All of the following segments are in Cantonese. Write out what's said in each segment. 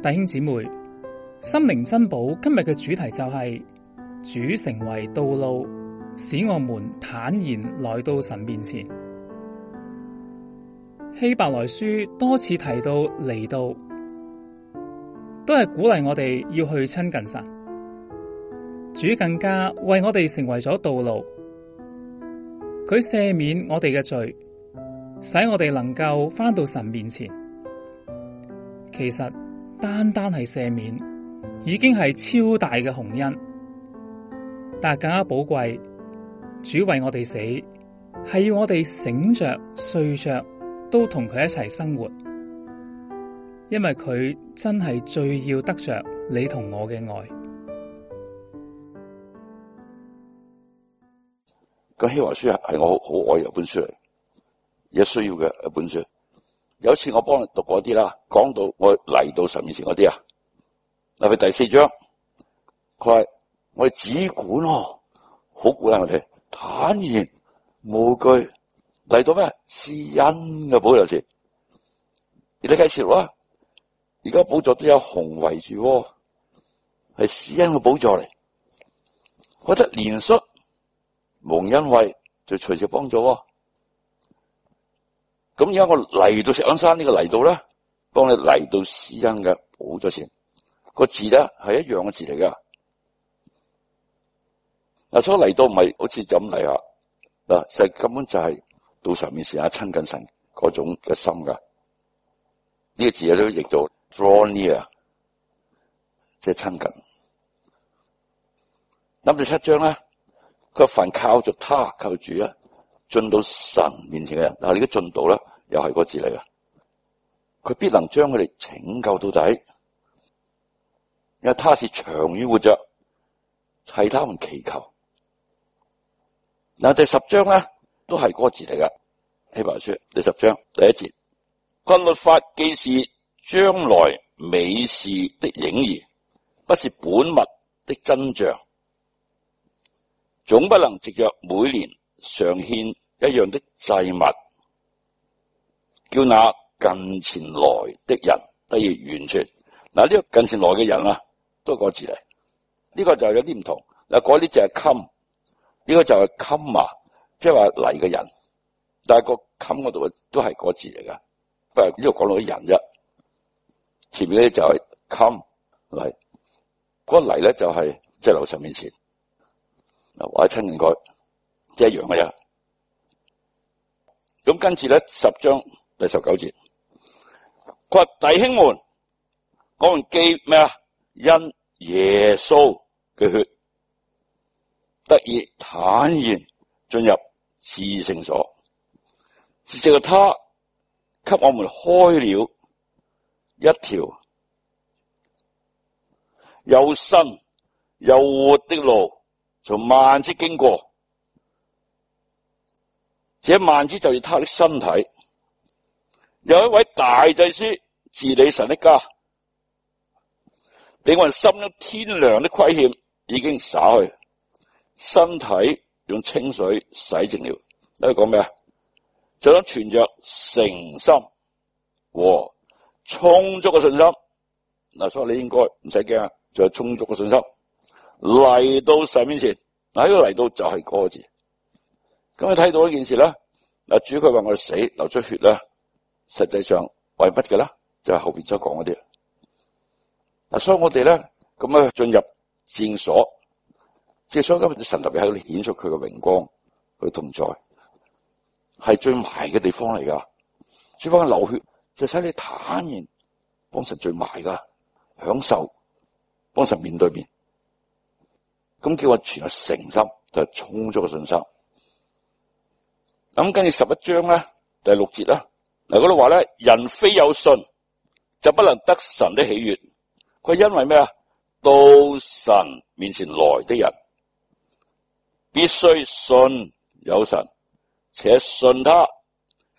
弟兄姊妹，心靈珍寶，今日嘅主題就係：主成為道路，使我們坦然來到神面前。希伯來書多次提到嚟到，都係鼓勵我哋要去親近神。主更加為我哋成為咗道路，佢赦免我哋嘅罪，使我哋能夠翻到神面前。其實。單單係赦免，已經係超大嘅鴻恩，但係更加寶貴。主為我哋死，係要我哋醒着、睡着都同佢一齊生活，因為佢真係最要得着你同我嘅愛。個希華書係我好愛嘅一本書嚟，一需要嘅一本書。有一次我幫你讀嗰啲啦，講到我嚟到神面前嗰啲啊，例如第四章，佢話我哋只管哦，好管啊我哋，坦然無懼嚟到咩？施恩嘅寶座前，你家介紹啦，而家寶座都有熊圍住，係施恩嘅寶座嚟，我覺得憐恤蒙恩惠就隨時幫助。咁而家我嚟到錫安山，這個、來呢個嚟到咧，幫你嚟到施恩嘅寶座前，先那個字咧係一樣嘅字嚟噶。嗱、啊，所以嚟到唔係好似咁嚟啊，嗱，實根本就係到上面時啊親近神嗰種嘅心噶。呢、這個字咧亦都譯做 draw near，即係親近。諗住七章啦，個凡靠着他靠主。啊。進到神面前嘅人，嗱你嘅進度咧，又係個字嚟嘅，佢必能將佢哋拯救到底，因為他是長遠活着，替他們祈求。嗱，第十章咧都係個字嚟嘅，希伯來書第十章第一節，律法既是將來美事的影兒，不是本物的真像，總不能藉着每年。常獻一樣的祭物，叫那近前來的人得以完全。嗱，呢個近前來嘅人啊，都係個字嚟。呢、呢個就係有啲唔同。嗱，嗰啲就係襟，呢個就係襟啊，即係話嚟嘅人。但係個襟嗰度都係個字嚟噶，不過呢度講到啲人啫。前面咧就係襟嚟，嗰嚟咧就係即係樓上面前。嗱，或者親近佢。一樣嘅嘢。咁跟住咧，十章第十九節，佢話弟兄們，我們既咩啊？因耶穌嘅血，得以坦然進入至聖所。藉着他，給我們開了一條又新又活的路，從幔子經過。這幔子就是他的身體，有一位大祭司治理神的家，俾我人心中天良的虧欠已經灑去，身體用清水洗淨了。你度講咩啊？就當存着誠心和充足嘅信心。嗱，所以你應該唔使驚，就係、是、充足嘅信心嚟到神面前。嗱，呢個嚟到就係個字。咁你睇到一件事啦，嗱主佢話佢死流出血啦，實際上為乜嘅咧？就係、是、後邊再講嗰啲。嗱，所以我哋咧咁樣進入聖所，聖所今日神特別喺度顯出佢嘅榮光佢同在，係最埋嘅地方嚟噶主，方流血就使你坦然幫神最埋噶享受幫神面對面。咁叫我全係誠心就係充足嘅信心。咁跟住十一章咧，第六節啦。嗱，嗰度話咧，人非有信，就不能得神的喜悅。佢因為咩啊？到神面前來的人，必須信有神，且信他。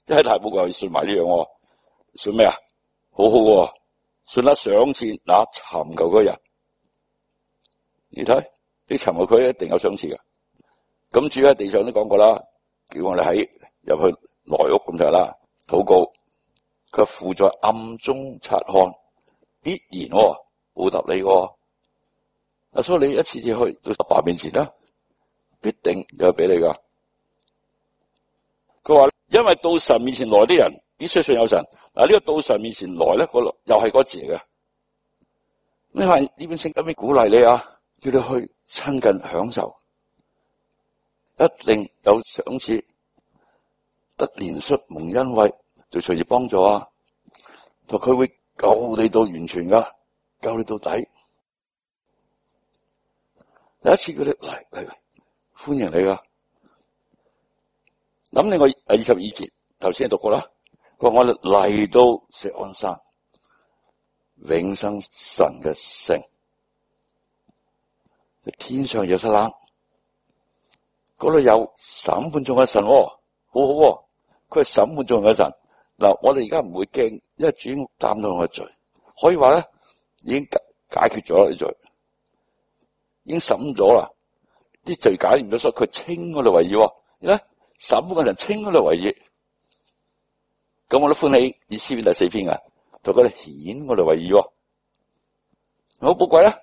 即係《太古記》要信埋呢樣喎。信咩啊？好好喎，信得賞賜嗱，尋求嗰人。你睇，你尋求佢一定有賞賜噶。咁主喺地上都講過啦。叫我哋喺入去內屋咁就啦，禱告。佢附在暗中察看，必然喎，哦，報答你嘅。啊，所以你一次次去到神面前啦，必定有俾你噶。佢話，因為到神面前來啲人必須信有神。嗱，呢個到神面前來咧，嗰又係嗰字嚟嘅。這邊聖鼓勵你話呢邊先咁樣鼓勵你啊，叫你去親近享受。一定有賞賜，得憐恤蒙恩惠，就隨時幫助啊！同佢會救你到完全噶、啊，救你到底。第一次佢哋嚟嚟嚟，歡迎你噶、啊。咁你我二十二節頭先係讀過啦，佢話我嚟到錫安山，永生神嘅城，天上有失冷。我有審判中嘅神、哦，好好、哦。佢係審判中嘅神嗱，我哋而家唔會驚，因為主經到我嘅罪，可以話咧已經解，解決咗啲罪，已經審咗啦，啲罪解唔到，所以佢清我哋為意。而家審判嘅人清我哋為意，咁我都歡喜。以詩篇第四篇啊，就覺得顯我哋為意，好寶貴啦。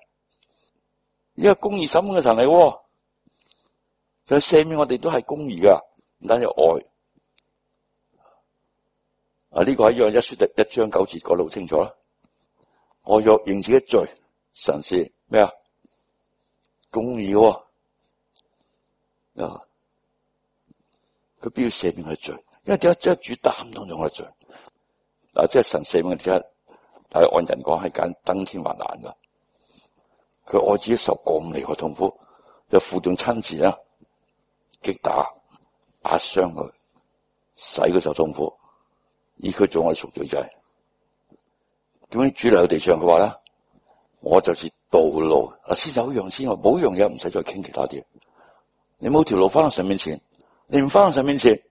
而家公義審判嘅神嚟、哦。就赦、是、免我哋都係公義噶，唔單止愛啊！呢、這個一樣一書一章九字講得好清楚啦。我若認自己罪，神是咩啊？公義的啊！佢、啊、必要赦免我罪，因為點解將主擔當咗我罪？即、啊、係、就是、神赦免我哋，一係按人講係簡登天還難噶。佢愛自己受過咁厲害痛苦，又負重親自啦、啊。擊打、壓傷佢，使佢受痛苦。以佢做我贖罪祭。點樣主流嘅地上？佢話咧，我就是道路。嗱，先走樣先，我冇樣嘢唔使再傾其他啲。你冇條路翻到神面前，你唔翻到神面前，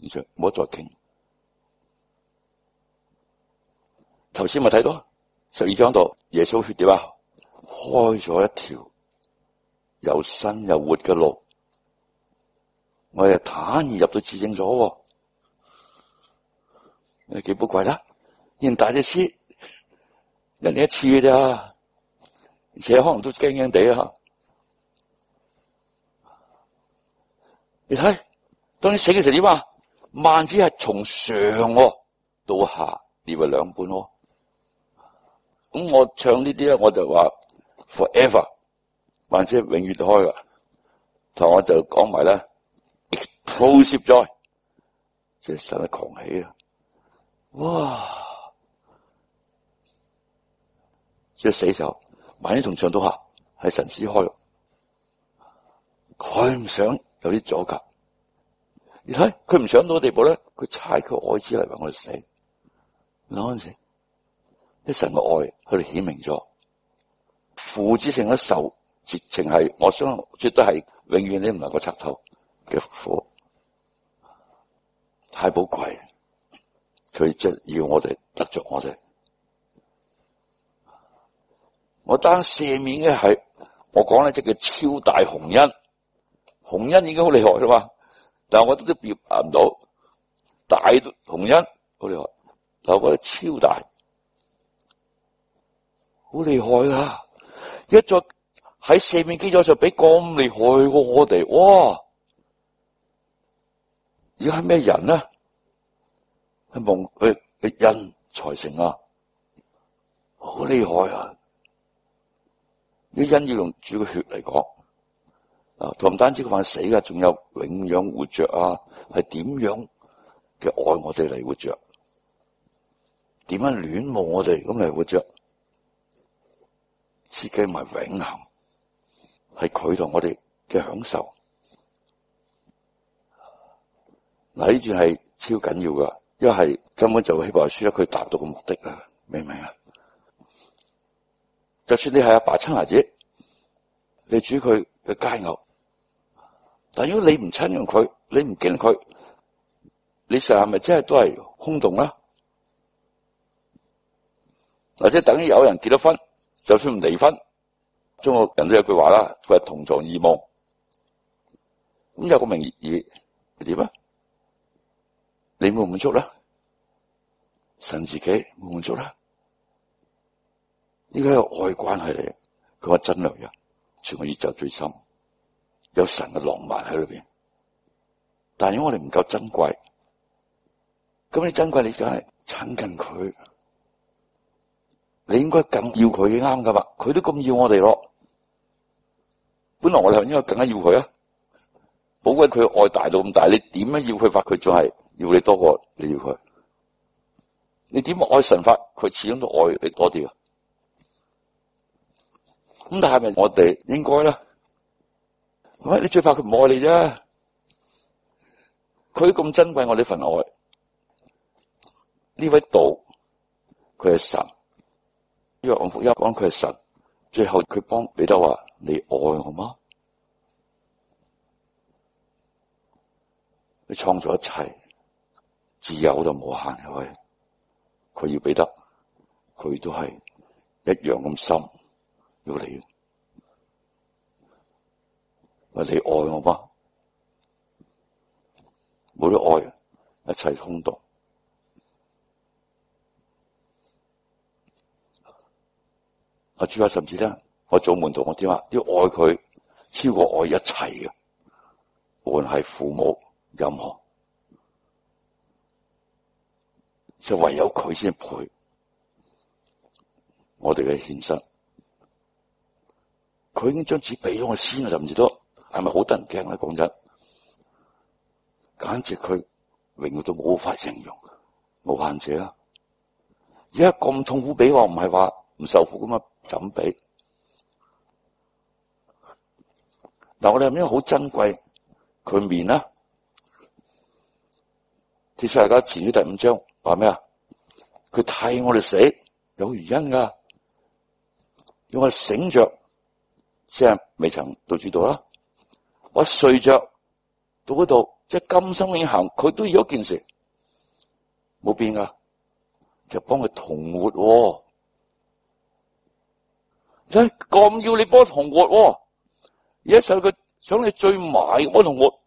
唔着，唔好再傾。頭先咪睇到十二章度耶穌血點啊？開咗一條又新又活嘅路。我又坦然入到至聖所，啊，你幾寶貴啦，啊？連大祭司人哋一年一次啫，而且可能都驚驚地呀，啊。你睇，當你死嘅時點啊？幔子係從上到下裂為兩半咯，啊。咁我唱呢啲咧，我就話 forever 幔子永遠開噶、啊，同我就講埋啦。鋪設在，即係神嘅狂喜啊！哇！即係死的時候，幔子從上到下係神撕開，佢唔想有啲阻隔。你睇佢唔想到嘅地步咧，佢差佢愛子嚟為我哋死。諗下先，啲神嘅愛他們顯，佢哋顯明咗父子性嘅仇，絕情係。我相信絕對係永遠你唔能夠拆透嘅苦。太寶貴，佢即要我哋得着我哋。我單赦免嘅係，我講咧即叫超大鴻恩。鴻恩已經好厲害嘅嘛。但係我都都接唔到，大鴻恩好厲害。但我覺得超大，好厲害啦！一再喺赦免基礎上比咁厲害過我哋哇！而家係咩人呢？係夢，佢恩財成啊，好厲害啊！啲恩要用主嘅血嚟講啊，同唔單止佢死啊，仲有永遠活着啊，係點樣嘅愛我哋嚟活着？點樣戀慕我哋咁嚟活着？設計埋永恒，係佢同我哋嘅享受。嗱呢段係超緊要噶，一係根本就希望輸咗佢達到嘅目的啊！明唔明啊？就算你係阿爸親孩子，你煮佢嘅佳肴，但如果你唔親用佢，你唔敬佢，你成日係咪真係都係空洞啦？或者等於有人結咗婚，就算唔離婚，中國人都有句話啦，佢係同床異夢，咁有個名義係點啊？你滿唔滿足呀？神自己滿唔滿足呀？呢個係愛關係嚟。佢話真良人，全個宇宙最深，有神嘅浪漫喺裏面。」但係因為我哋唔夠珍貴，咁你珍貴，你就係親近佢，你應該更要佢啱㗎嘛？佢都咁要我哋囉。本來我哋應該更加要佢啊，寶貴佢嘅愛大到咁大，你點樣要佢發佢仲係。要你多過你要佢，你點愛神法？佢始終都愛你多啲噶。咁但係我哋應該啦，你最怕佢唔愛你啫。佢咁珍貴我呢份愛，呢位道佢係神，因為王福音，講佢係神，最後佢幫彼得話：你愛我嗎？你創造一切。自由就無限，佢佢要畀得，佢都係一樣咁深，要你，你愛我嗎？冇得愛，一切空洞。我主甚至咧，我做門徒我點啊，要愛佢超過愛一切嘅，無論係父母任何。就唯有佢先配，我哋嘅獻身。佢已經將紙俾咗我先了，我就唔知咗係咪好得人驚咧。講真的，簡直佢永遠都冇法形容，無限者啊！而家咁痛苦畀我，唔係話唔受苦咁啊，怎咁俾。嗱，我哋係咪好珍貴？佢面啊，啦，帖撒羅尼迦前書第五章。話咩啊？佢替我哋死有原因噶，要我醒着即係未曾到主度啦，我一睡着到嗰度即係今生永恆。佢都要一件事冇變噶，就幫佢同活、哦，真、哎、咁要你幫同活、哦，而家佢想你最埋我同活。